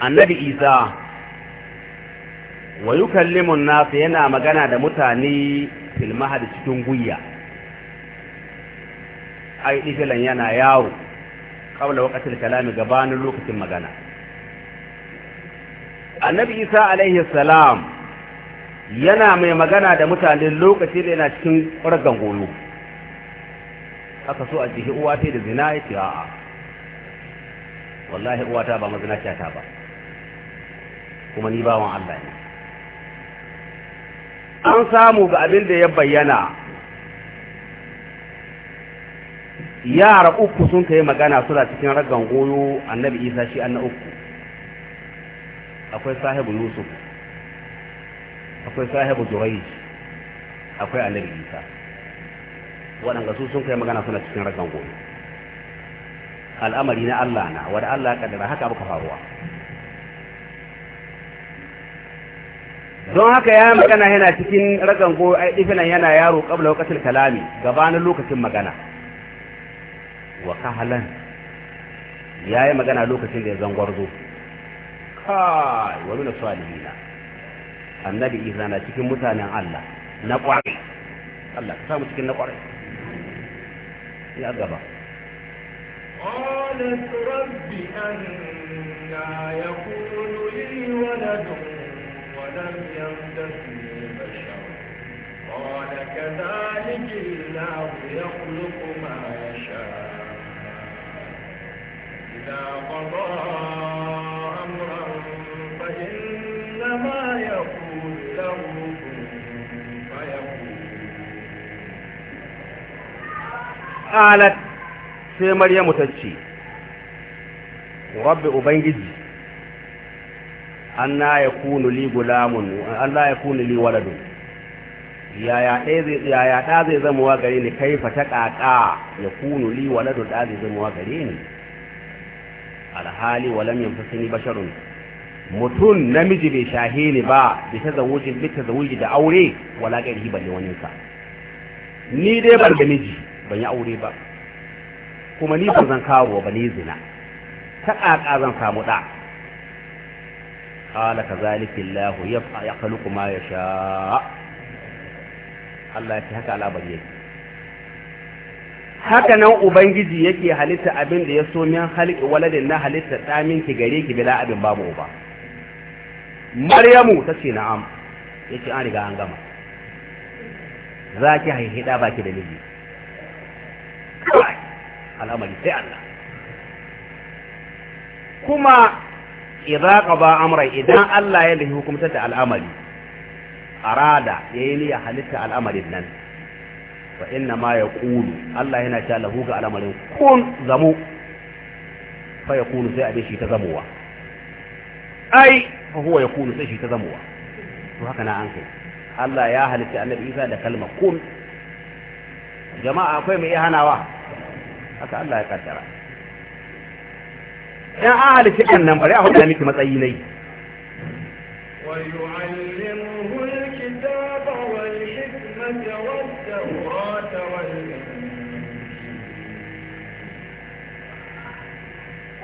annabi isa wa yukallimun nasu yana magana da mutane filmaha da cikin guyya ai ɗifilan yana yawo kawai wakatil kalami gabanin lokacin magana annabi isa alaihi salam yana mai magana da mutane lokacin da yana cikin ragan goyo aka so a jihi uwa ta da zina ya ce a'a wallahi uwa ta ba mazina ta ba kuma ni bawan Allah ne an samu ga abin da ya bayyana yara uku sun kai magana suna cikin ragan goyo annabi isa shi an na uku akwai sahibu yusuf akwai sahibu Juraij, akwai annabi isa waɗanda su sun kai magana suna cikin ragan goyo al'amari na allah na wadda allah ya kaddara haka abu ka faruwa don haka ya magana yana cikin ragan go ai difinan yana yaro kabla lokacin kalami gabanin lokacin magana wa kahalan yayi magana lokacin da ya zangwarzo kai wa min salihina annabi isa na cikin mutanen Allah na kwarai Allah ka samu cikin na kwarai ya gaba قالت رب أنا يكون لي ولد لم يمدسني قال كذلك الله يخلق ما يشاء إذا قضى أمرا فإنما يقول له قالت سي مريم تجي ورب أبنجي anna yakunu li gulamun Allah yakunu li waladu yaya ɗa zai zama wa gare ni kai fa ta ƙaƙa ya kunu li waladu ɗa zai zama wa gare ni alhali walam yin fasini basharun mutum namiji bai shahe ni ba bi ta zawuji bi ta zawuji da aure wala gairi balle wani sa ni dai ban da miji ban yi aure ba kuma ni ban zan kawo ba ni zina ta ƙaƙa zan samu ɗa قال كذلك haka nan ubangiji yake halitta abin da ya so min halki waladin na halitta tsamin ki gare ki bila abin babu uba maryamu ta ce na'am yace an riga an gama za ki haihida baki da miji al'amari sai Allah kuma idza qada amran idan Allah ya lahi hukumta ta al'amari arada yayi ne ya halitta al'amarin nan fa inna ma yaqulu Allah yana ta lahu ga al'amarin kun zamu fa yaqulu sai abin shi ta zamuwa ai fa huwa yaqulu sai shi ta zamuwa to haka na an kai Allah ya halitta annabi Isa da kalmar kun jama'a akwai mai iya hanawa haka Allah ya kaddara ya ahalice kan nan bari a faɗa miki matsayi nai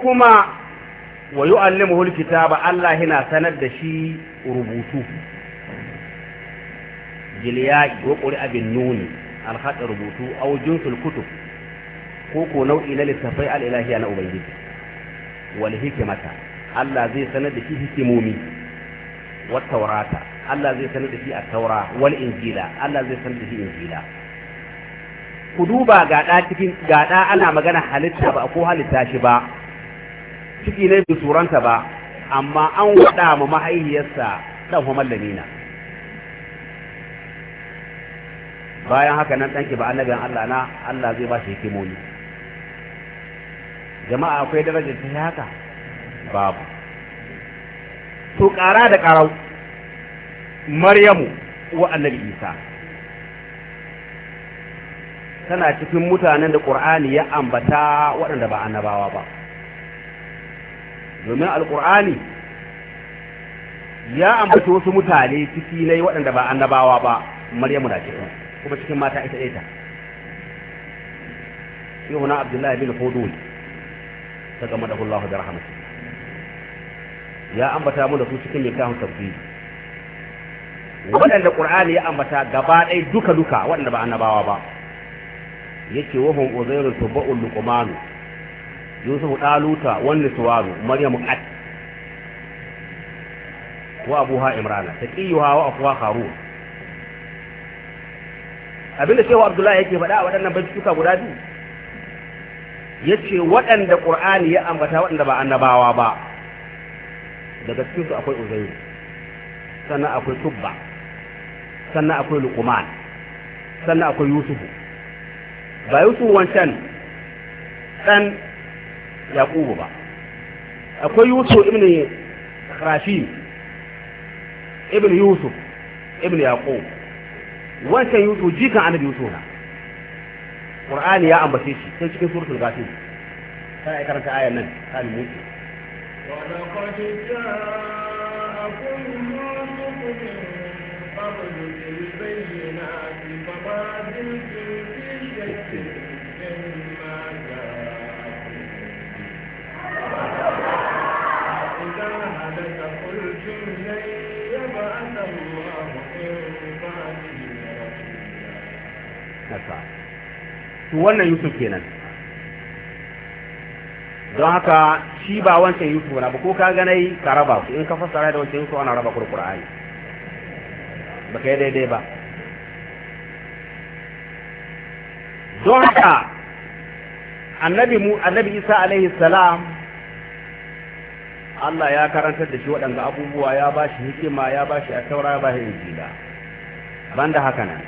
kuma wa yu'allimuhu alkitaba Allah yana sanar da shi rubutu jiliyai wa qur'a bin nuni alhaq rubutu aw jinsul kutub ko ko nau'i na littafai al-ilahiya na ubangiji wal hikimata Allah zai sanar da shi hikimomi wat taurata Allah zai sanar da shi a taura wal injila Allah zai sanar da shi injila ku duba ga da cikin ga da ana magana halitta ba ko halitta shi ba ciki ne bi suranta ba amma an wada ma mahaihiyarsa dan Muhammad mallamina. bayan haka nan danki ba annabin Allah na Allah zai ba shi hikimomi jama'a akwai darajar ta haka babu to ƙara da ƙarau maryamu wa annabi isa tana cikin mutanen da ƙur'ani ya ambata waɗanda ba annabawa ba domin alƙur'ani ya ambaci wasu mutane ciki na waɗanda ba annabawa ba maryamu na cikin kuma cikin mata ita ita shehu abdullahi bin fodoli ta gama da Allah da rahama ya ambata mu da su cikin littafin tafsiri waɗanda qur'ani ya ambata gaba ɗaya duka duka waɗanda ba annabawa ba yake wahum uzairun tubba'ul luqmanu yusuf daluta wanda suwaru maryamu qat wa abuha imrana taqiyuha wa afwa kharun abinda shehu abdullahi yake faɗa waɗannan bai suka guda biyu Ya ce waɗanda qur'ani ya ambata waɗanda ba annabawa ba daga cikin su akwai uzayr sannan akwai tubba sannan akwai luqman sannan akwai yusufu ba yusuf wancan ɗan yaqubu ba akwai yusuf ibn rashid ibn yusuf ibn yaqub wancan yusuf jikan annabi yusuf na qur'ani ya ambace shi sai cikin suratul ghafir kana ai karanta ayan nan kan mutu wa laqad ja'akum nusukum That's right. to wannan yusuf kenan don haka shi ba wancan yusuf na ba ko ka ganai ka raba su in ka fassara da wancan yusuf ana raba kurkurani ba kai daidai ba don haka annabi mu annabi isa alaihi salam Allah ya karantar da shi waɗanda abubuwa ya ba shi hikima ya ba shi a taura ya ba shi injila da haka nan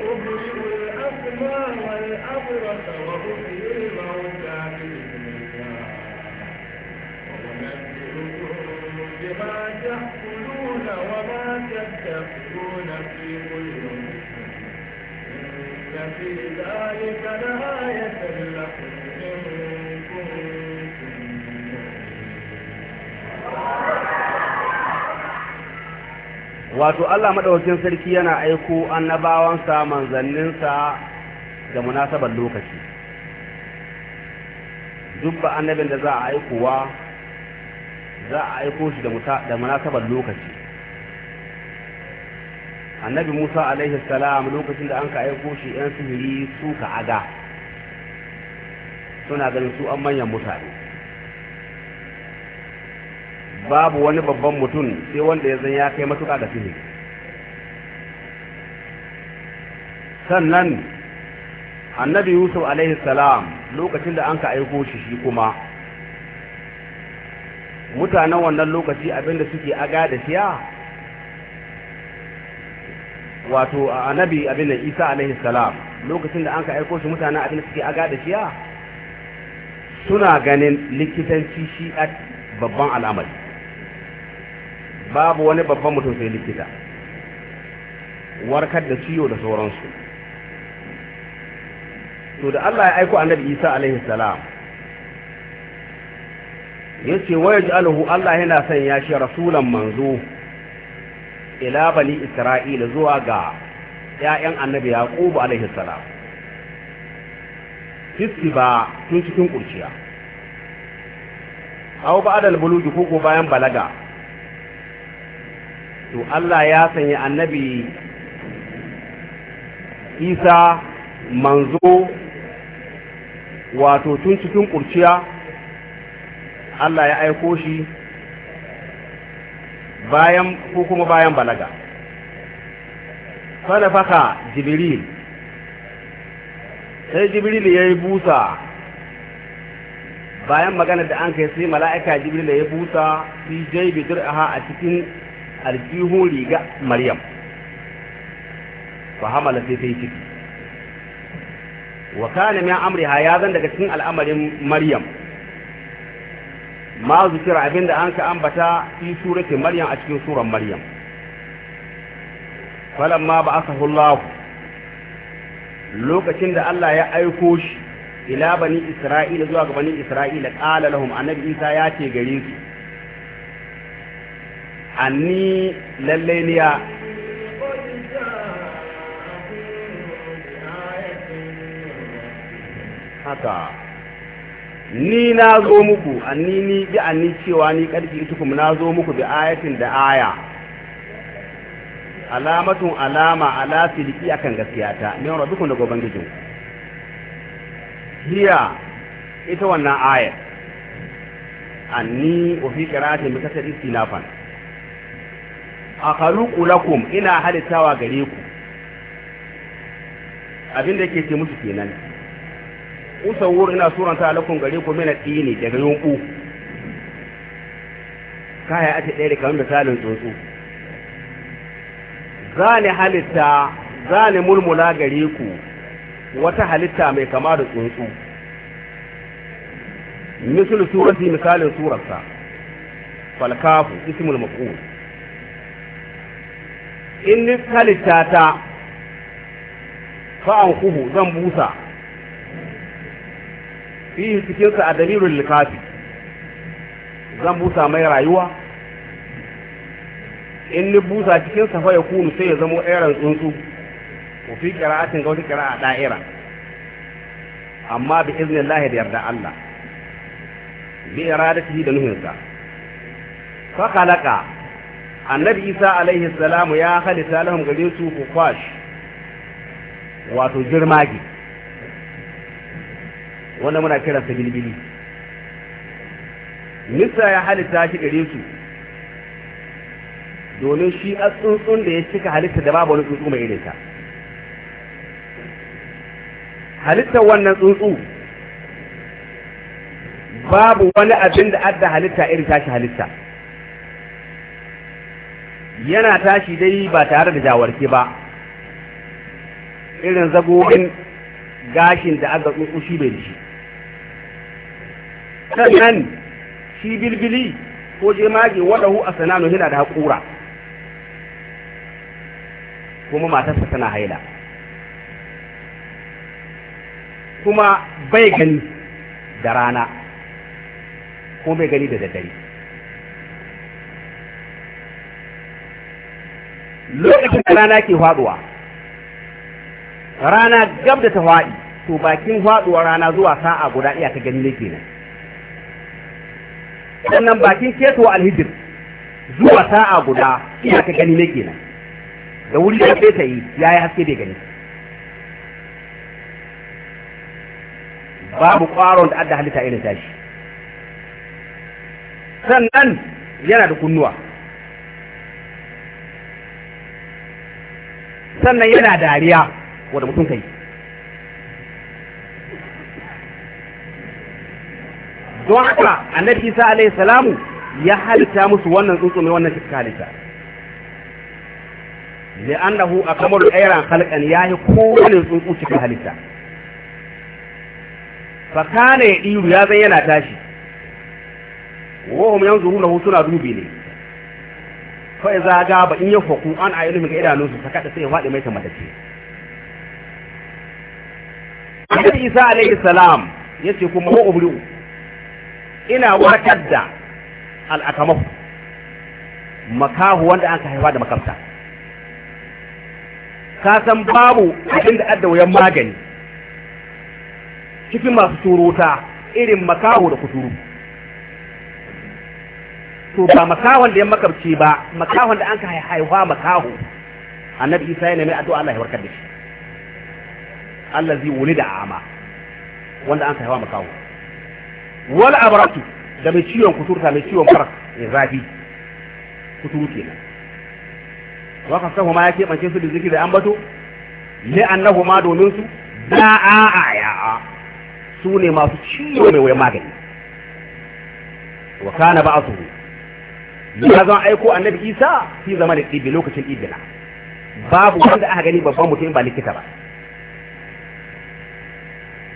وأبرئ الأكمى والأبرص وأحيي الموتى بإذن الله وأنبئكم بما تأكلون وما تدخرون في بيوتكم إن في ذلك لآية wato Allah maɗaukin sarki yana aiko annabawansa manzanninsa da munasabar lokaci duk ba annabin da za a aikowa za a aiko shi da munasabar lokaci annabi musa alaihi salam lokacin da an ka aiko shi yan sihiri suka aga suna ganin su an manyan mutane babu wani babban mutum sai wanda ya zan ya kai matuƙa da sihiri sannan annabi yusuf alaihi salam lokacin da an ka aiko shi shi kuma mutanen wannan lokaci abinda suke aga da siya wato annabi abinda isa alaihi salam lokacin da an ka aiko shi mutanen abinda suke aga da siya suna ganin likitanci shi babban al'amari babu wani babban mutum sai likita warkar da ciwo da sauransu to da Allah ya aiko annabi Isa alaihi salam yace wa yaj'aluhu Allah yana ya shi rasulan manzo ila bani Isra'ila zuwa ga ƴaƴan annabi Yaqub alaihi salam ba tun cikin kurciya aw ba'da al ko bayan balaga to Allah ya sanya annabi isa manzo wato tun cikin kurciya Allah ya aiko shi bayan ko kuma bayan balaga faka jibril sai jibril ya yi busa bayan magana da an kai sai mala'ika jibril ya busa fi jaibi dir'aha a cikin aljihun riga maryam fa hamala sai ta ciki wa kana min amriha ya zan daga cikin al'amarin maryam ma zukira abinda an ka ambata fi surati maryam a cikin suran maryam falamma aka Allah lokacin da Allah ya aiko shi ila bani Isra'ila zuwa ga bani Isra'ila qala lahum annabi Isa ya ce gare su anni lalle niya haka ni na zo muku anni ni bi anni cewa ni karfi itukum na zo muku bi ayatin da aya alamatun alama ala siliki akan ta, ne da daga gijin hiya ita wannan ayat anni wa fi qira'atin bi kasri sinafan a haluku lakum ina halittawa gare ku abin da yake ce musu kenan usawur ina suranta lakum gare ku mina tsini daga yunku kaya ake ɗaya da kamar misalin tsuntsu zani halitta zani mulmula gare ku wata halitta mai kama da tsuntsu misal surati misalin surarsa falkafu ismul maqul in ni halitta ta fa'an kuhu zan busa fi cikinsa a dalilin likafi zan busa mai rayuwa in ni busa cikinsa fa ya kunu sai ya zamo ɗairan tsuntsu ko fi ƙira'atin ga wata ƙira'a ɗa'ira amma bi iznin lahi da yarda Allah bi iradatihi da nuhinsa fa khalaqa annabi isa alaihi salamu ya halitta lahum gare su kufash wato girmagi wanda muna kiransa sa bilbili misa ya halitta shi gare su domin shi a tsuntsun da ya cika halitta da babu wani tsuntsu mai irin ta. halittar wannan tsuntsu babu wani abin da adda halitta irin tashi halitta yana tashi dai ba tare da jawarki ba irin zagogin gashin da aka tsuntsushi bai shi sannan shi bilbili ko je mage waɗahu a sananu hila da haƙura kuma matarsa tana haila kuma bai gani da rana ko bai gani da daddare lokacin da rana ke faduwa rana gab da ta faɗi to bakin faduwar rana zuwa sa'a guda iya ta gani ne kenan sannan bakin keto alhijir zuwa sa'a guda iya ta gani ne kenan da wuri da ke ta yi yayi haske bai gani babu ƙwaron da adda halitta irin tashi sannan yana da kunnuwa sannan yana dariya wanda mutum kai don haka annabi isa alaihi salamu ya halitta musu wannan tsuntsu mai wannan cikin halitta kamar akmalu ayran ya yi kowane tsuntsu cikin halitta fa kana ya ya zan yana tashi wa hum yanzuruna suna dubi ne fa iza gaba in ya faku an ilimin ga idanunsu ta kada sai ya fadi mai madaki Annabi Isa alayhi salam yace kuma mu ubriu ina wakar da al'akamu makahu wanda an haifa da makamta ka san babu abin da adda wuyan magani cikin masu turuta irin makahu da kuturu to ba makahon da ya makabci ba makahon da an ka haihuwa makaho annabi isa ya nemi addu'a Allah ya warkar da shi Allah zai wuli da ama wanda an ka haihuwa makaho wal abratu da mai ciwon kuturta mai ciwon farak ya zafi kuturu kenan wa ka sahu ma yake keɓance su da zikiri an bato ne annahu ma domin su da'a aya su ne masu ciwo mai wai magani wa kana ba'athu ya zan aiko annabi isa fi zama da ɗibi lokacin ibila babu wanda aka gani babban mutum ba likita ba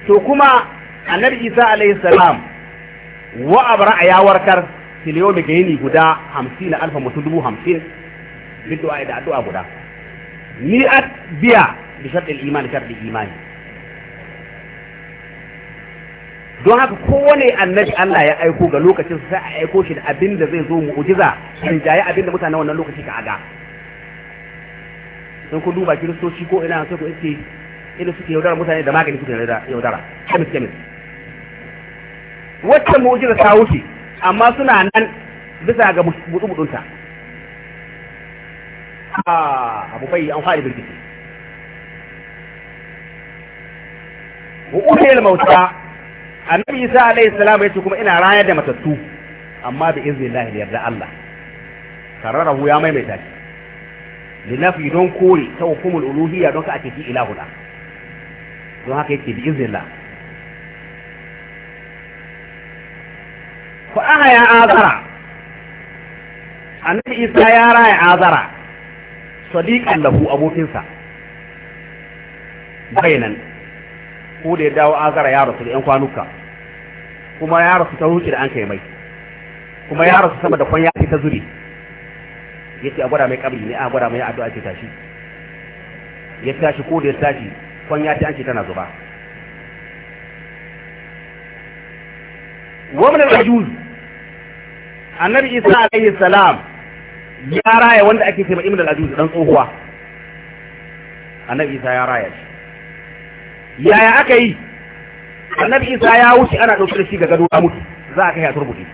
to kuma annabi isa alaihi salam wa abra ya warkar tiliyomi da yini guda hamsin na alfa mutum dubu hamsin bin da addu'a guda ni at biya bi sharɗin imani sharɗin imani don haka kowane annabi Allah ya aiko ga lokacin sai a aiko shi da abin da zai zo mu'jiza in jaye abin da mutanen wannan lokaci ka aga sun ku duba kiristoci ko ina sai ku ce ina suke yaudara mutane da magani suke yaudara kemis kemis wacce mu'jiza ta wuce amma suna nan bisa ga mutu mutunta a ah, abu bai an fara birgiti wa uke mauta annabi isa alaihi salam ya ce kuma ina raya da matattu amma bi iznillahi da yarda Allah kararahu ya maimaita shi linafi don kore ta hukumul uluhiyya don ka ake fi ilahuna don haka yake bi iznillah fa aha ya azara annabi isa ya raya azara sadiqan lahu abokinsa bayanan ko da ya dawo azara ya rasu da yan kwanuka kuma ya rasu ta ruki da an kai mai kuma ya rasu sama da kwanya ta zuri yace a gwada mai kabri ne a gwada mai addu'a ce tashi ya tashi ko da ya tashi kwanya ta an ce tana zuba wa min al-ajuz annabi isa alaihi salam ya raya wanda ake cewa ibn al-ajuz dan tsohuwa annabi isa ya raya shi yaya aka yi annabi isa ya wuce ana ɗauke da shi ga gado a mutu za a kai a turbuɗe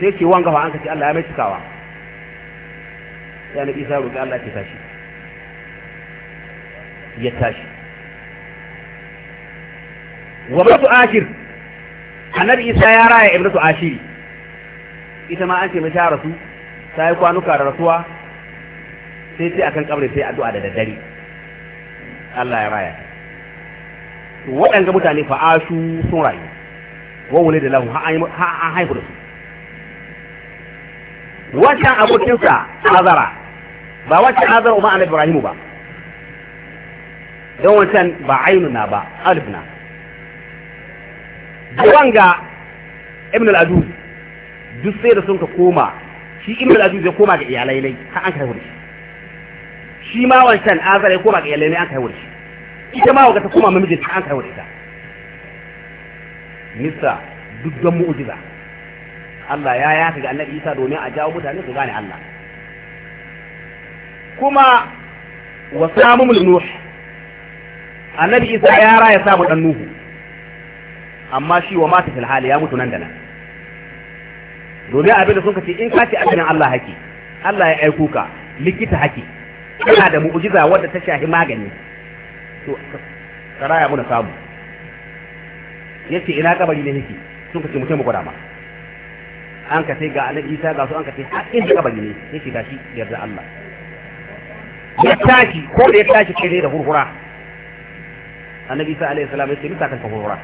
sai ce wanga fa an kace Allah ya mai cikawa ya annabi isa roƙi Allah ya tashi ya tashi wa mutu ashir annabi isa ya raya ibnu ashiri ita ma an ce mai ta rasu ta yi kwanuka da rasuwa sai sai akan kabri sai addu'a da daddare Allah ya raya ta waɗanga mutane fa ashu sun rayu wawule da lahu ha haifu da su wancan abokinsa azara ba wancan azara umar annabi ibrahim ba don wancan ba na ba alifna ga ibn al-adud duk sai da sun ka koma shi ibn al-adud ya koma ga iyalai ne har an kai wuri shi ma wancan azara ya koma ga iyalai ne an kai shi. ita ma wata kuma mamiji ta an kaiwa ita nisa duk don mu'ujiza Allah ya yafi ga annabi Isa domin a jawo mutane su gane Allah kuma wa samumul nuh annabi Isa ya raya samu dan nuhu amma shi wa mata fil hali ya mutu nan da nan domin abin da suka ce in ka ce annabin Allah haki Allah ya aiko ka likita haki kana da mu'ujiza wadda ta shahi magani to karaya muna samu yace ina kabari ne yake sun kace mutum gwada ma an ka sai ga annabi Isa ga su an ka sai har da kabari ne yake gashi yarda Allah ya tashi ko da ya tashi kai da hurhura annabi Isa alaihi salam yace mutaka ka hurhura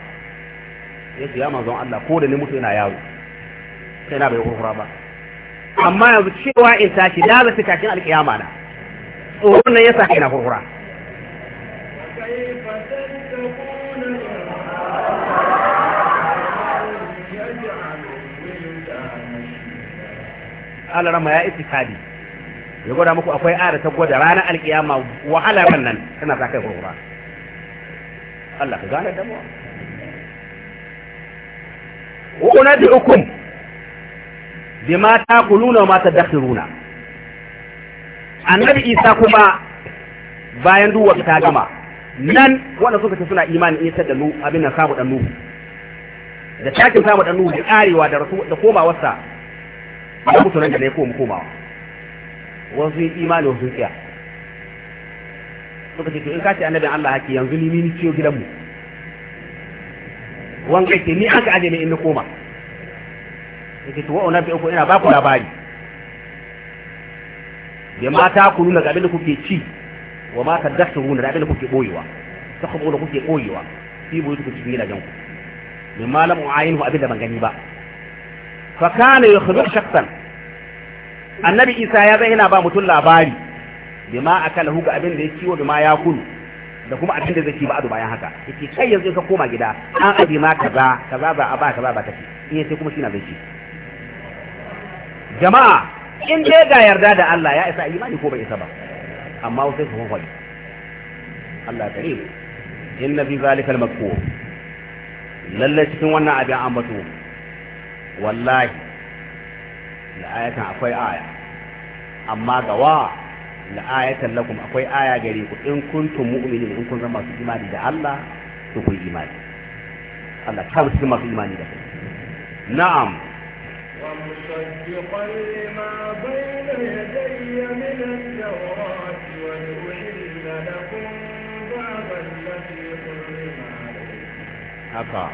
yace ya manzon Allah ko da ni mutu ina yawo sai na bai hurhura ba amma yanzu cewa in tashi da zai tashin alkiyama na tsoron nan yasa kai na hurhura alarama ya isi kadi ya gwada muku akwai ara ta gwada ranar alkiyama wahala nan tana sa kai kurkura Allah ka gane damuwa wa da hukum ku takuluna wa ma tadakhiruna annabi Isa kuma bayan duk wata gama nan wanda suka ce suna imani in da nu abin nan samu dan nuhu da takin samu dan nuhu da arewa da rasu da komawarsa ya mutu nan da ne koma komawa wasu yi imani wasu tsiya suka ce to in ka ce annabin Allah haki yanzu ni ni ciyo gidanmu kai ke ni aka aje ne in na koma yake to wa'una bi uku ina ba ku labari bai mata ku nuna ga abin da kuke ci wa ma tadassuruna da abin da kuke boyewa ta kuma da kuke boyewa fi boye kuke cikin gidajen ku min malamu uayinu abin da ban gani ba fa kana yakhdu shakhsan annabi isa ya zai yana ba mutum labari bima akalahu ga abin da ya ciwo bima ya kunu, da kuma abin da zai ci ba adu bayan haka yake kai yanzu ka koma gida an abi ma kaza kaza ba a ba kaza ba kace in sai kuma shi na zai ci jama'a in dai ga yarda da Allah ya isa imani ko bai isa ba amma wasu su hukun Allah ta ribu inna fi zalika al-makkur lalle cikin wannan abin ambato wallahi la ayatan akwai aya amma ga wa la ayatan lakum akwai aya gare ku in kuntum mu'minin in kun zama masu imani da Allah to ku imani Allah ta musu masu imani da ku na'am ومصدقا لما بين haka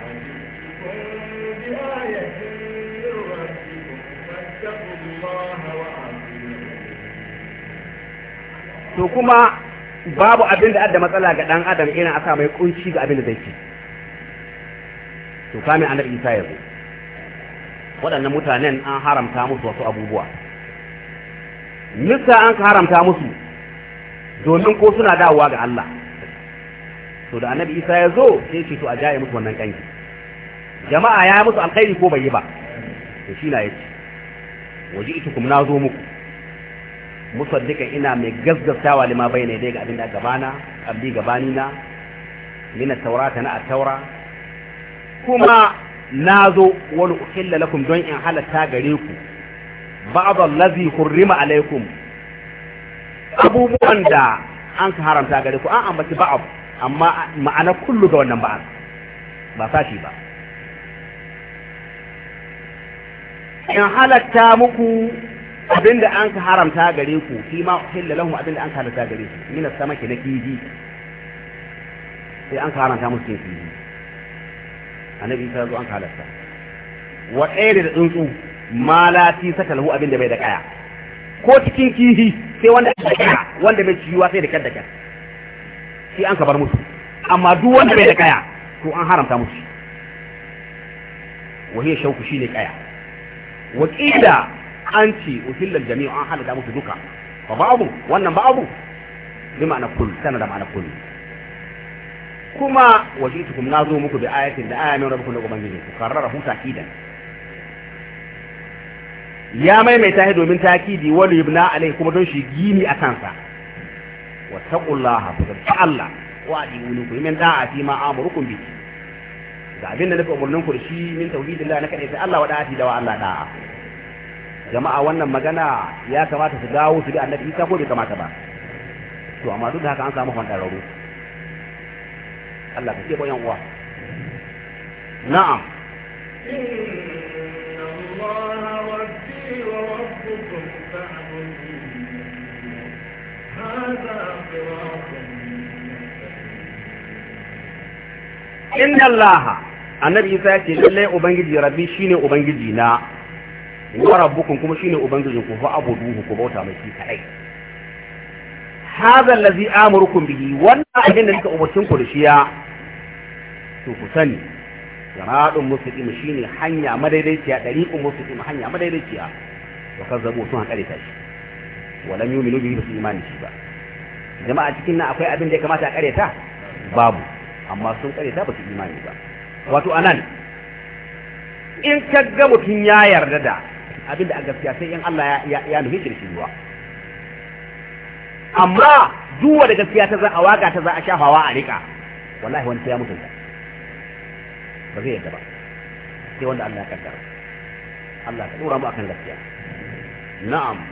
to kuma babu abin da adda matsala ga dan adam irin aka mai kunci ga abin da zai ci to kamin annabi Isa ya waɗannan mutanen an haramta musu wasu abubuwa nisa an haramta musu domin ko suna dawowa ga Allah to da annabi isa ya zo sai ce to a jaye musu wannan kanki jama'a ya musu alkhairi ko bai yi ba to shi na kuma na zo muku musaddika ina mai gazgastawa lima ne dai ga abin da gabana abdi gabani na min taurata na at-taura kuma nazo wal uhilla lakum don in halatta gare ku ba'd allazi hurrima alaikum abubuwan da an haramta gare ku an ambaci ba'd amma ma'ana kullu ga wannan ba'an ba sashi ba in halatta muku abinda an ka haramta gare ku fi ma uhilla lahum abinda an ka halatta gare ku min samaki na kifi sai an ka haramta musu ke kifi annabi isa zo an ka halatta wa ɗaya da tsuntsu ma la fi saka lahu abinda bai da kaya ko cikin kifi sai wanda aka kaya wanda bai ciwa sai da kaddaka shi an kabar musu amma duk wanda bai da kaya to an haramta musu wahiyar shauku shine kaya wakila an ce uhillal jami'u an halata musu duka fa ba'abu wannan ba'abu bi ma'ana kullu tana da ma'ana kullu kuma wajitukum nazo muku bi ayatin da ayatin rabbukum da ubangiji ku karrara hu takidan ya maimaita shi domin takidi wani ibna alai kuma don shi gini a kansa wa laha, ku ta Allah wa adiwuni ku min da'a fi ma kun bi da abin da nake umarnin ku da shi min tauhidillah na kadai sai Allah wa da'ati da wa Allah da'a jama'a wannan magana ya kamata su dawo su ga annabi Isa ko bai kamata ba to amma duk da haka an samu fandararo Allah ka ce ko yan uwa na'am إن الله ربي وربي inna Allah, annabi isa ya ce lallai ubangiji rabbi shine ubangiji na wa rabbukum kuma shine ubangijin ku fa abuduhu ku bauta mai kai hadha allazi amurukum bihi wannan abin da nika umarcin ku da shi ya to ku sani jama'un mustaqim shine hanya madaidaiciya dariqun mustaqim hanya madaidaiciya wa kazzabu sun hakare ta shi walam yu'minu bihi bi imani shi ba jama'a cikin nan akwai abin da ya kamata a kareta babu amma sun kareta ba su imani ba wato anan in ka ga mutum ya yarda da abin da a gaskiya sai in Allah ya nufi shi ruwa amma duwa da gaskiya ta za a waka ta za a shafawa a rika wallahi wani ya mutunta ba zai yarda ba sai wanda Allah ya kaddara Allah ka dora mu akan gaskiya na'am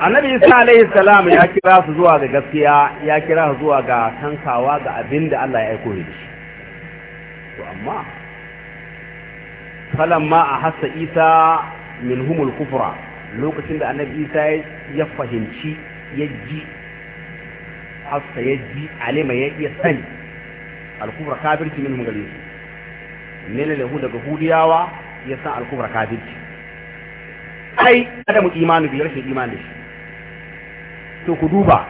annabi isa alaihi salam ya kira su zuwa ga gaskiya ya kira su zuwa ga tankawa ga abinda da Allah ya aiko shi to amma a ahassa isa minhumul kufra lokacin da annabi isa ya fahimci ya ji hassa ya ji alima ya iya sani al-kufra kafirci min gare su ne da hudiyawa ya san al kafirci ai adamu mu imani biyar shi imani shi to ku duba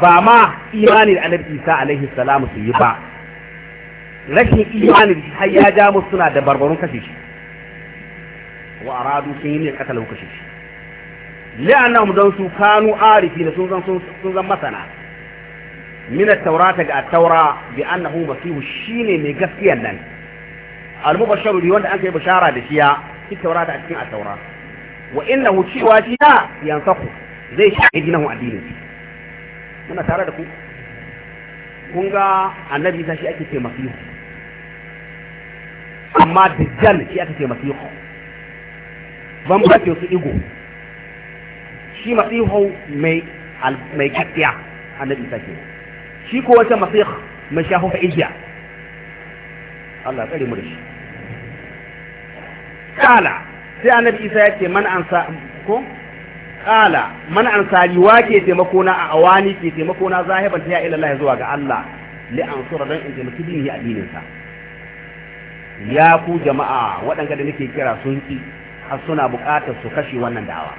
ba ma imani da annabi isa alaihi salamu su yi ba rashin imani da har ya ja musu suna da barbarun kashe shi wa aradu sun yi ne katala kashe shi li'annahum su kanu arifina sun zan sun zan masana min at-taurata ga at-taura bi annahu masihu shine mai gaskiyan nan al-mubashsharu li wanda aka yi bashara da shi ya fi taurata a cikin at-taura wa innahu cewa shi ya yansaku zai shafi dinahu addini muna tare da ku kun ga annabi ta shi ake ce masihu amma dajjal shi ake ce Ban bambance su igo shi yi mai mai gaskiya annabi ta ke shi ko wata masih mai shafu fa'ijiya Allah tsari mu shi kala sai annabi Isa ya ce man ansa ko kala man ansari wa ke taimako na a awani ke taimako na zahiban ta ila Allah zuwa ga Allah li ansura dan in taimaki ya addinin sa ya ku jama'a waɗanda da nake kira sun ki har suna buƙatar su kashe wannan dawa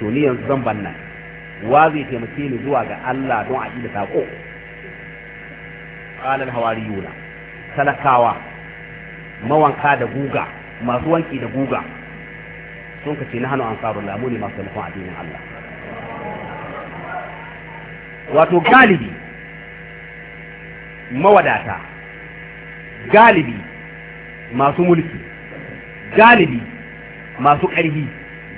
to ni yanzu zan ban nan wa zai taimake ni zuwa ga Allah don a ida sako qala al-hawariyuna talakawa mawanka da guga masu wanki da guga sun ka ce na hannu ansarullah mu ne masu taimakon addinin Allah wato galibi mawadata galibi masu mulki galibi masu ƙarfi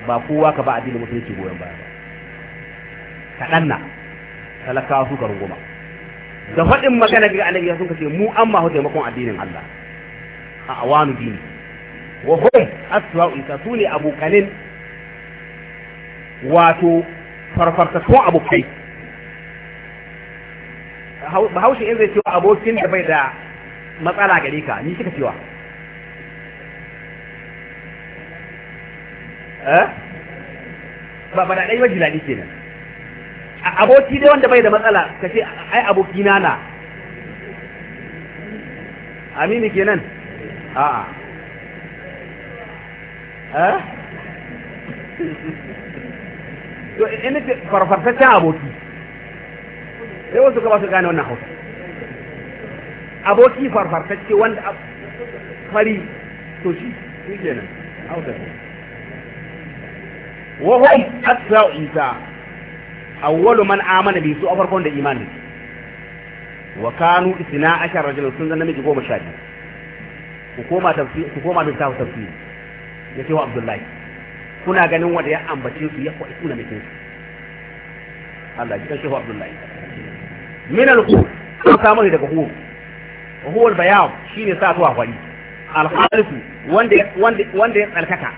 ba kowa ka ba addinin musulunci goyon baya ba kaɗan na talakawa su ka runguma da faɗin magana ga annabi sun ka ce mu an ma taimakon addinin Allah a awanu dini wa hum aswa'unka su ne abokanin wato farfartattun abokai bahaushe in zai cewa abokin da bai da matsala gare ka ni kika cewa eh? ba ba da ɗaya wajen daɗi kenan aboki dai wanda bai da matsala ka ce ai abokina na amini kenan a'a Eh? to in ce ta aboki sai wasu gaba su gane wannan hausa aboki farfar ta ce wanda fari to shi shi kenan hausa wa hum asra'u isa awwalu man amana bi su a farkon da imani wa kanu isna ashar rajul sun zanna miji goma sha biyu ku koma tafsiri ku koma da tafsiri ya ce wa abdullahi kuna ganin wanda ya ambace su ya kwaɗi suna mutum su Allah ji kan shehu abdullahi min al-hur an samu ne daga hur hur bayan shine sa zuwa kwari. al wanda wanda ya tsarkaka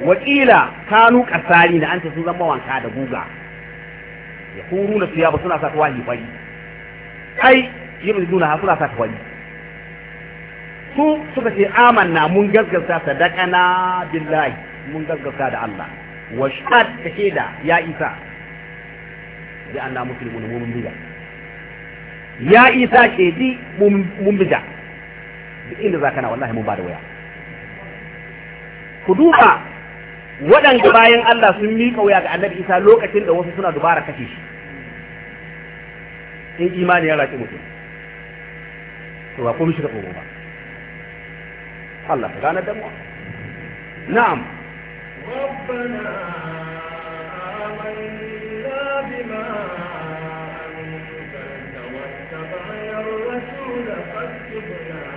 wakila kanu kasari na an sun zama wanka da guga ya kuru na su ba suna sa tuwa hifari ai yi mai ha suna sa tuwa hifari su suka ce amanna mun sadaka sadaqana billahi mun gaskata da Allah wa shahad shahida ya isa bi anna muslimun mun bida ya isa ke di mun bida duk inda zaka na wallahi mun ba da waya ku duba waɗanda bayan Allah sun miƙa waya ga annabi Isa lokacin da wasu suna dubara kashe shi in imani ya raki mutum to ba komai shi ka tsoro ba الله كان دموع نعم ربنا آمنا بما أنزلت مع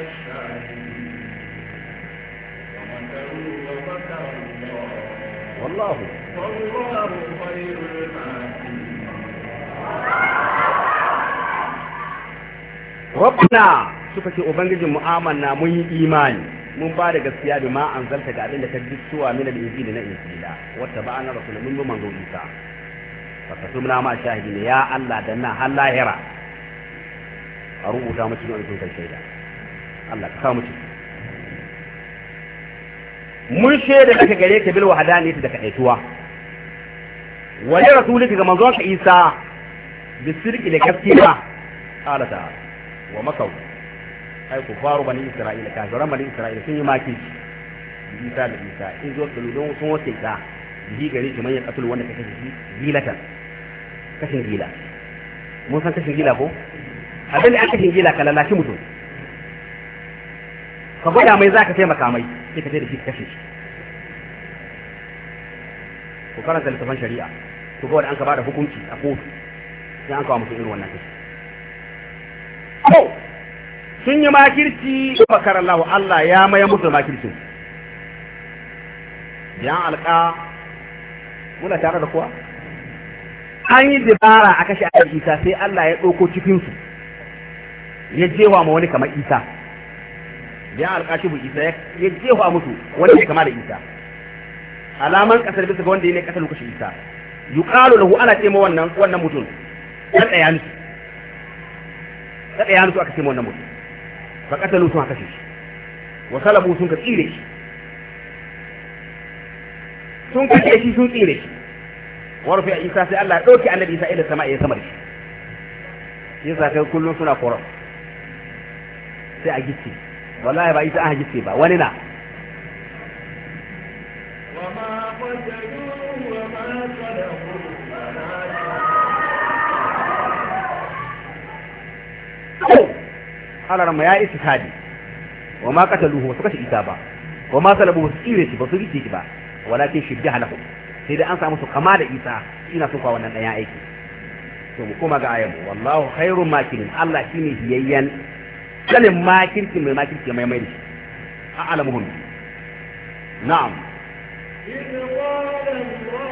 الشاهدين الله والله والله خير الماكرين ربنا suka ce ubangijin mu amanna mun yi imani mun ba da gaskiya bi ma anzalta ga abin da ka jittuwa min al-injili na injila wata ba ana rasul mun mu manzo isa fa kasumna ma shahidin ya Allah da na har lahira a rubuta mu cikin wannan shaida Allah ka kawo mu mun shaida daga gare ka bil wahdaniyati da kaituwa wa ya rasulika ga manzon ka isa bisirki da gaskiya qala ta'ala wa makawu ai ku faru bani isra'ila kafiran bani isra'ila sun yi maki isa da isa in zo da don sun wace ka bihi gari shi manyan katul wanda ka kashe shi gilatan kashin gila mun san kashin gila ko abin da aka kashin gila ka lalaci mutum ka gwada mai za ka taimaka mai sai ka da shi kashe shi ku karanta littafin shari'a ku ga wanda an ka bada hukunci a kotu sai an kawo mutum irin wannan kashe sun yi makirci makar Allah Allah ya maye musu makirci yan alƙa muna tare da kuwa an yi zibara a kashe a isa sai Allah ya ɗauko cikinsu ya jewa ma wani kamar isa ya alƙashi bu isa ya jewa musu wani ya kama da isa alaman ƙasar bisa ga wanda ya ne ƙasar lokacin isa ƙalo da ana ce ma wannan wannan mutum kada ya nusu kada ya nusu aka ce ma wannan mutum fa katalu sun kashe shi wa salabu sun ka tsire shi sun kashe shi sun tsire shi wa rufi isa sai Allah ya dauki annabi isa ila sama ya samar da shi yasa kai kullun suna koran sai a gice wallahi ba isa an gice ba wani na alaran ma ya isa hadi wa ma kata luhu wasu shi isa ba wa ma salabu wasu tsire shi ba su rike shi ba walakin shibbiha lahu sai dai an samu su kama da isa ina so kwa wannan dan aiki to mu koma ga ayatu wallahu khairu makirin Allah shine biyayyen sanin makirki mai makirki mai mai shi a'lamuhum na'am إذ قال الله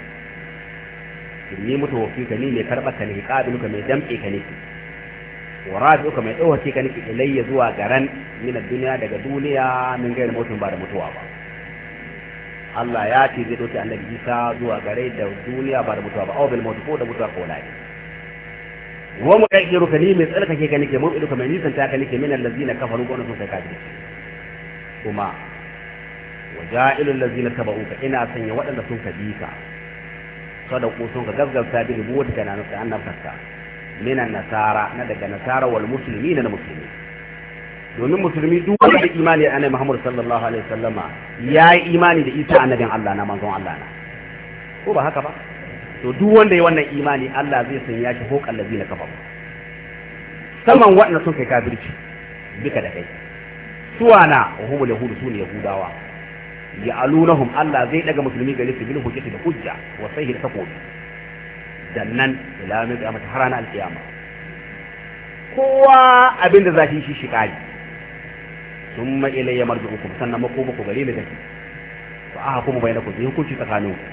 inni mutawafika ni mai karɓar ka ne mai damƙe ka mai ɗaukace ka nake ilayya zuwa garan min duniya daga duniya min gairi mutum ba da mutuwa ba Allah ya ce zai ɗauki annabi Isa zuwa gare da duniya ba da mutuwa ba aw bil mutu ko da mutuwa ko la'i wa mu kai ruka ni mai tsarkake ka nake mu mai nisan ta ka min allazina kafaru ko na sun kai kuma ina sanya waɗanda sun sadaku sun ka gaggauta bi na kana nusa annabtarsa minan nasara na daga nasara wal musulmi na musulmi domin musulmi duk wanda imani annabi Muhammad sallallahu alaihi wasallama ya yi imani da isa annabin Allah na manzon Allah na ko ba haka ba to duk wanda ya wannan imani Allah zai sanya shi ko kallazi na kafa saman waɗanda sun kai kafirci duka da kai suwana wa humul yahudu sune yahudawa alunahum Allah zai daga musulmi gare su bil hujjati da hujja wa sahihi da takobi dannan ila mai da mata harana alkiyama kowa abinda zaki shi shi kali summa ilayya marji'ukum sannan makoma ku gare ni take fa aha kuma ku bi hukunci tsakanin ku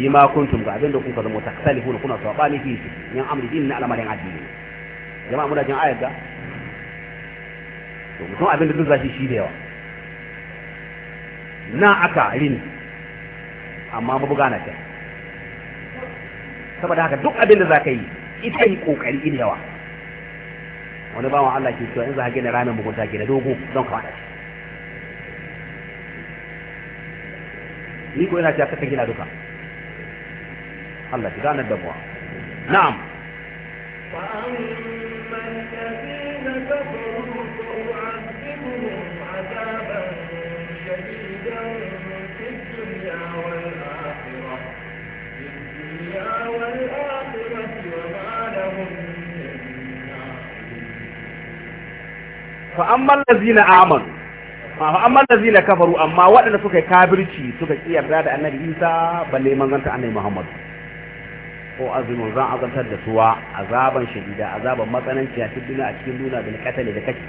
yi ma kuntum ga abinda kun ka zama taksalifuna kuna sabani fi yan amri din na al'amarin addini jama'a muna jin ayat ga to mutum abinda duk shi shi da yawa na aka rin amma mabuga na ta saboda haka duk abin da za ka yi ita yi kokari in yawa wani bawan Allah ke cewa in za ka gina ramin mugunta gina dogo don ka wada ni ko ina cewa kaka gina duka Allah ki ganar da buwa na'am fa amma alladhina kafaru fa amman lazina amanu fa amman lazina kafaru amma waɗanda suka yi kafirci suka kiyarda da annabi Isa balle manzanta annabi Muhammad ko azumin zan azantar da suwa azaban shadida azaban matsananci a cikin a cikin duna da katale da kashi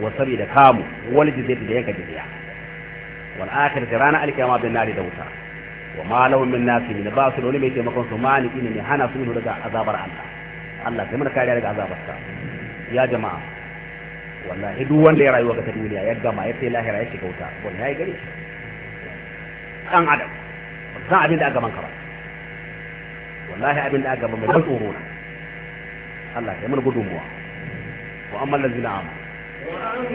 wa sabi da kamu wani jizati da yanka jiziya wal akhir da ranar alkiyama bin nari da wuta wa ma lahum min nasirin ba su da wani mai taimakon su maliki ne hana su daga azabar Allah Allah sai mana kariya daga azabar sa ya jama'a wallahi duk wanda ya rayuwa ga ta duniya ya gama ya sai lahira ya shiga wuta wannan ya gare shi dan adam abin da aka manka ba wallahi abin da aka gaba mai ban tsoro na Allah ya mun gudunmuwa wa amma allazina amanu wa amma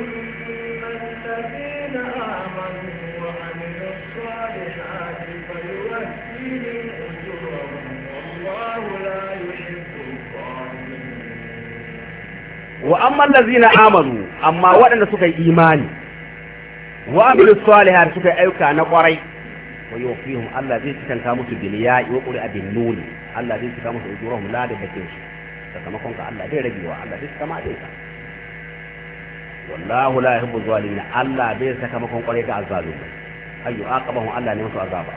allazina amanu wa wa amman lazina amanu amma waɗanda suka yi imani wa amilu salihat suka yi aika na ƙwarai wa yuwafihum Allah zai cikanta musu bil ya'i wa qul abin nuni Allah zai cika musu ujurahum la da dake su sakamakon ka Allah bai rabi wa Allah zai cika ma dai ka wallahu la yuhibbu zalimin Allah bai sakamakon ƙwarai ga azzalumai ayu aqabahum Allah ne musu azaba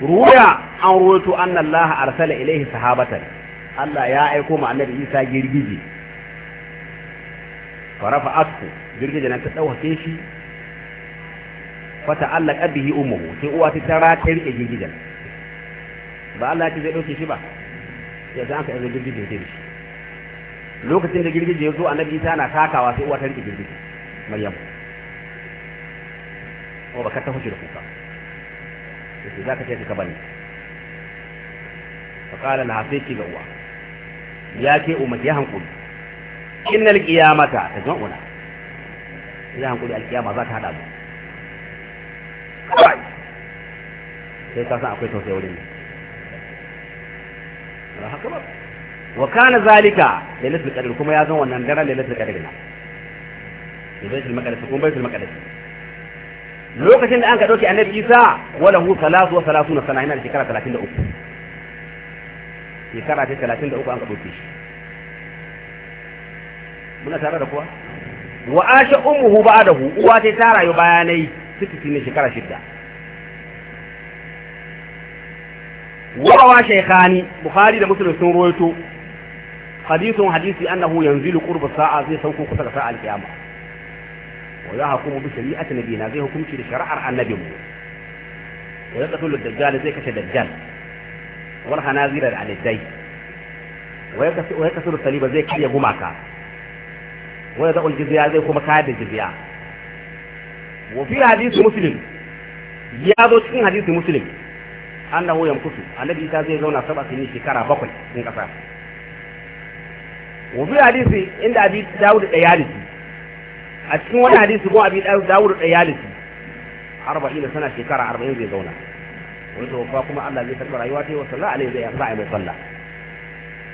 ruya an ruwaito anna Allah arsala ilayhi sahabatan Allah ya aiko ma annabi Isa girgije farafa asku girgije nan ta ɗauke shi fata Allah ƙabihi umuhu sai uwa ta tara ta riƙe girgijen ba Allah ce zai ɗauke shi ba ya san aka yanzu girgije ya shi lokacin da girgije ya zo annabi Isa na takawa sai uwa ta riƙe girgije Maryam ko ka ta fushi da kuka sai zaka ce ka bani fa qala la hasiki ga uwa ya ke umma ya hankuli innal qiyamata tajma'una idan hankuli alkiyama za ta hada mu sai ka san akwai tausayi wurin ne haka ba wa kana zalika lailatul qadr kuma ya zan wannan daren lailatul qadr na baitul maqdis kuma baitul maqdis lokacin da an ka dauke annabi Isa wala hu 33 wa sana ina da shekara 33 shekara 33 an ka dauke shi muna tare da kuwa wa asha ummuhu ba'dahu uwa ta ta rayu bayanai sittin ne shekara shidda warawa shaykhani bukhari da muslim sun ruwaito hadithun hadisi annahu yanzilu qurba sa'a zai sauko kusa da sa'a al-qiyama wa yahkumu bi shari'ati nabiyina zai hukunci da shari'ar annabinmu wa yaqtulu ad-dajjal zai kashe dajjal Wa wal hanazira al-dai wa yaqtulu saliba zai kiyaye gumaka wani yadul jizya zai kuma kayar da jizya wa fi hadisi muslim ya zo cikin hadisi muslim annahu yamkutu annabi isa zai zauna saba sun shekara bakwai in kasa wa fi hadisi inda abi dawud da yalisi a cikin wani hadisi kuma abi dawud da yalisi arba'in sana shekara arba'in zai zauna wani tawaffa kuma Allah zai karɓi rayuwa ta yi wa sallah alaihi zai yasa mai sallah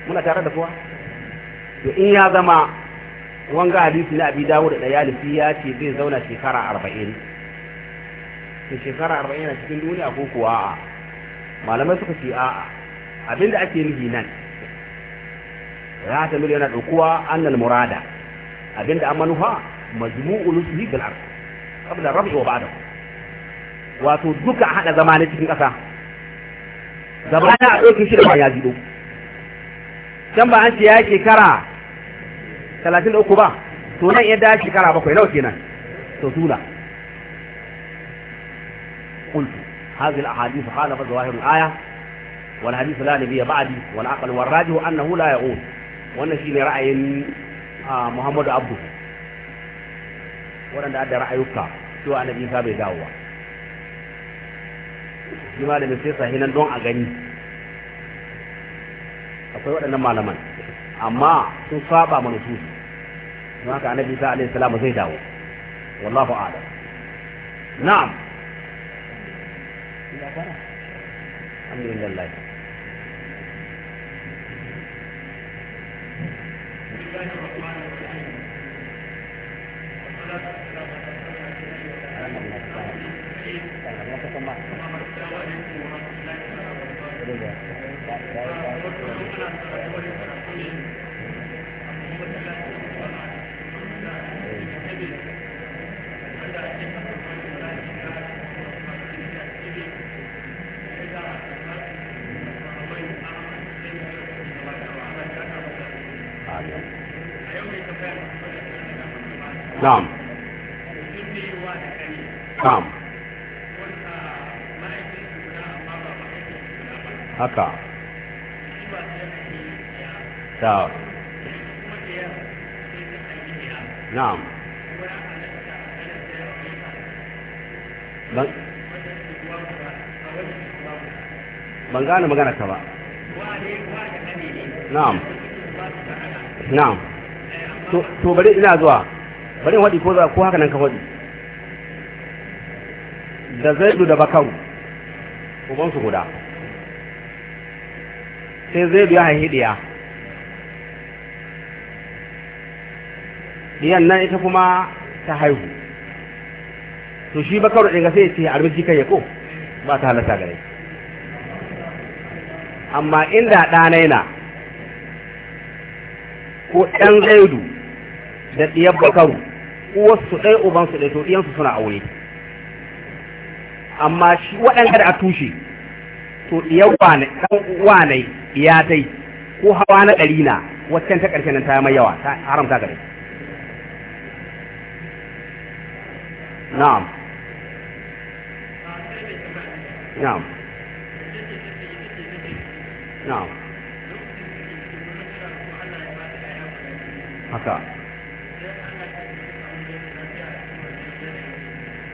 muna tare da kuwa to in ya zama Wan ga hadisi na abi dawo da dayalisi ya ce zai zauna shekara arba'in da shekara arba'in a cikin duniya ko kuwa a'a malamai suka ce a'a abinda ake nufi nan ya ta miliyan na ɗaukuwa annal murada abinda an manufa majmu'u nusuhi bil ard qabla rabi wa ba'da wato duka hada zama na cikin ƙasa zama na a ɗauki shi da ba ya jido can ba an ce ya shekara talatin da uku ba to nan ya dace shekara bakwai nawa kenan to sula qultu hadhihi al-ahadith khalafa zawahir al-aya wal hadith la nabiyya ba'di wal aql wal rajih annahu la ya'ud wannan shine ra'ayin Muhammadu Abdu waɗanda da ra'ayuka cewa annabi Isa bai dawowa shi malamin sai sahinan don a gani akwai waɗannan malaman amma sun saba manususu هناك صلى الله عليه وسلم وزي داود والله اعلم نعم الحمد لله Thank you. na'am na'am haka ta na'am ban gane magana ta ba na'am na'am to bari ina zuwa bari wadi ko za ko haka nan ka wadi da zaidu da bakaru uban su guda sai zaidu ya haihi diya ɗiyan nan ita kuma ta haihu to shi bakaru ɗin ga sai ce arziki kan ya ko ba ta halatta gare amma inda ɗanai na ko ɗan zaidu da ɗiyar bakaru uwarsu ɗaya ubansu ɗaya to ɗiyansu suna aure amma shi waɗanda da a tushe to ɗiyar wane ya dai ko hawa na ɗari na waccan ta ƙarshen nan ta mai yawa ta haramta gare na'am na'am na'am haka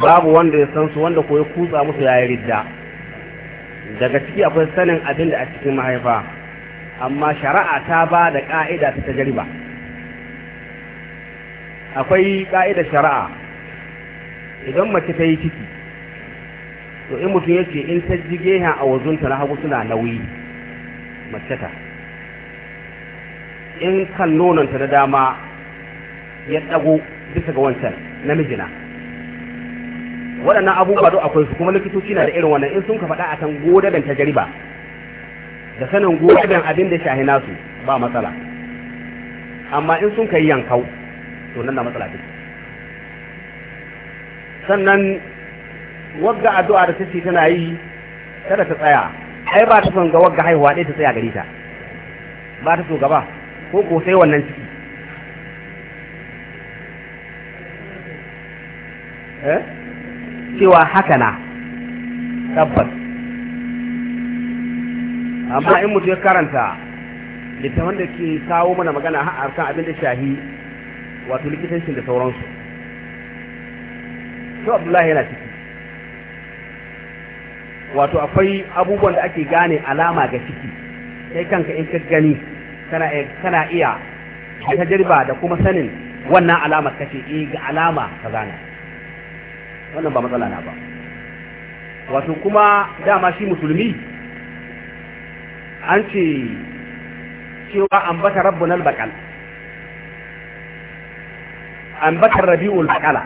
babu wanda ya san su wanda ko ya kutsa musu ya yi ridda daga ciki akwai sanin abin da a cikin mahaifa amma shari'a ta ba da ƙa'ida ta tajriba akwai ƙa'ida shari'a idan mace ta yi ciki to in mutum ya in ta jige ha a wazunta na hagu suna nauyi mace ta in kan nononta da dama ya ɗago bisa ga wancan namijina waɗannan abubuwa duk akwai su kuma likitoci na da irin wannan in sun ka faɗa kan godadan tajriba da sanin godadan abin da shahina su ba matsala amma in sun ka yi yankau to nan na matsala take sannan wagga addu'a da take tana yi kada ta tsaya ai ba ta son ga wagga haihuwa ɗaya ta tsaya gare ta ba ta so gaba ko ko sai wannan ciki eh cewa haka na tabbas amma in mutu ya karanta littafin da ke kawo mana magana a kan abin da shahi wato likitancin da sauransu to abdullahi yana ciki wato akwai abubuwan da ake gane alama ga ciki sai kanka in ka gani kana iya ta jirba da kuma sanin wannan alamar kace eh ga alama ka gane wannan ba matsala na ba wato kuma dama shi musulmi an ce cewa an ambata rabbun an bata rabiul baqala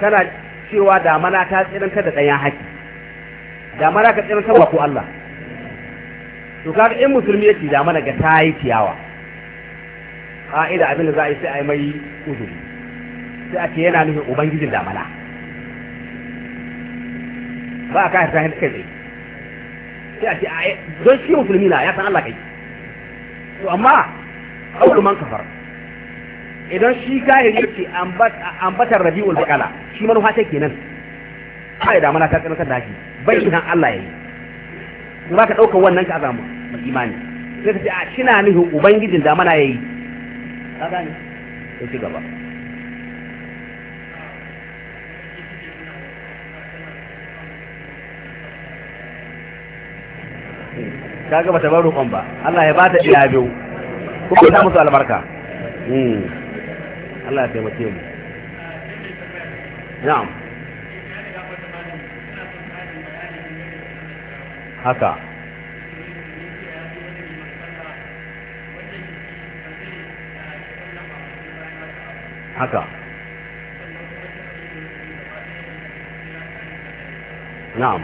tana cewa damana ta tsiranta da ɗayan haki damana ka tsiranta wa ko Allah to kaga in musulmi yake damana ga ta yi ciyawa ka'ida abin da za a yi sai a yi mai uzuri sai a ce yana nufin ubangijin damana ba a kayan zahir kai tsaye sai a ce a don shi musulmi na ya san Allah kai to amma kawul man kafar idan shi kayan yake ambatar rabi'ul bakala shi manufa ta kenan kai damana ta tsarkar da shi bai idan Allah ya yi ba ka dauka wannan ka azamu imani sai ka ce a shi na nufin ubangijin da mana ya yi ka gane sai ci gaba kaga bata bar roƙon ba Allah ya ba ta iya biyu kuma ta musu albarka Allah ya taimake mu na'am haka haka na'am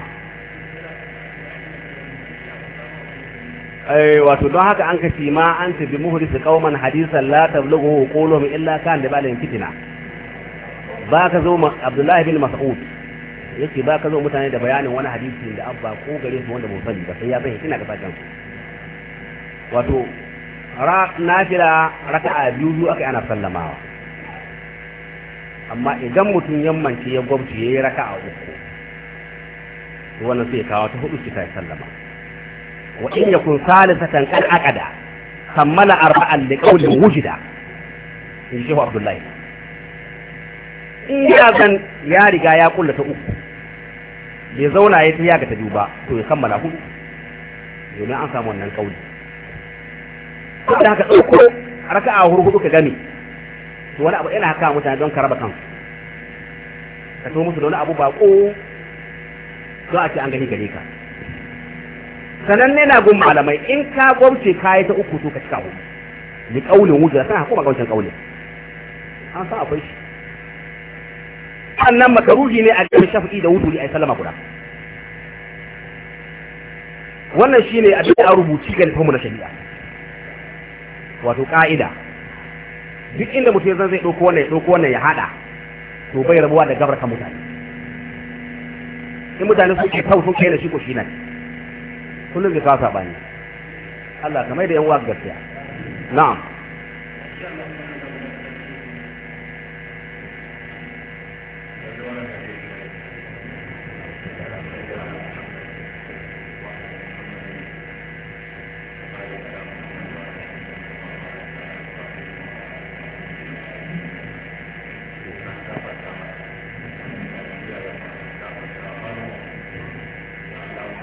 Eh, wato don haka an kashi ma an tabi muhrisu kauman hadisan la tablughu quluhum illa kan da balin fitina ba ka zo Abdullahi bin Mas'ud yake ba ka zo mutane da bayanin wani hadisi da abba ko gare su wanda mun sani ba sai ya san fitina ga sakan wato ra nafila raka'a biyu biyu akai ana sallamawa amma idan mutum yammanci ya gwabci yayi raka'a uku wannan sai kawo ta hudu sai sallama wa in yakun salisatan kan aqada kammala arba'an da qawlin wujida in shehu abdullahi in ya zan ya riga ya kulla ta uku bai zauna ta yaga ta biyu ba to ya kammala hudu domin an samu wannan kauli ko da haka ɗauko raka'a hurhudu ka gani, to wani abu yana haka mutane don ka raba kansu ka to musu da wani abu bako don a ce an gani gare ka sananne na gun malamai in ka gwamce kayi ta uku to ka cika hudu ni kaulin wujira sana kuma gaucin kaulin an sa akwai shi annan makaruhi ne a cikin shafi'i da wutuli ai sallama guda wannan shi ne abin da rubuci ga lifamu na shari'a wato ka'ida duk inda mutum zan zai ɗauko wannan ya dauko wannan ya hada to bai rabuwa da gabar kan mutane in mutane suke tau sun kai da shi ko shi nan kullum ka saba ne Allah kamar da yan uwa gaskiya na'am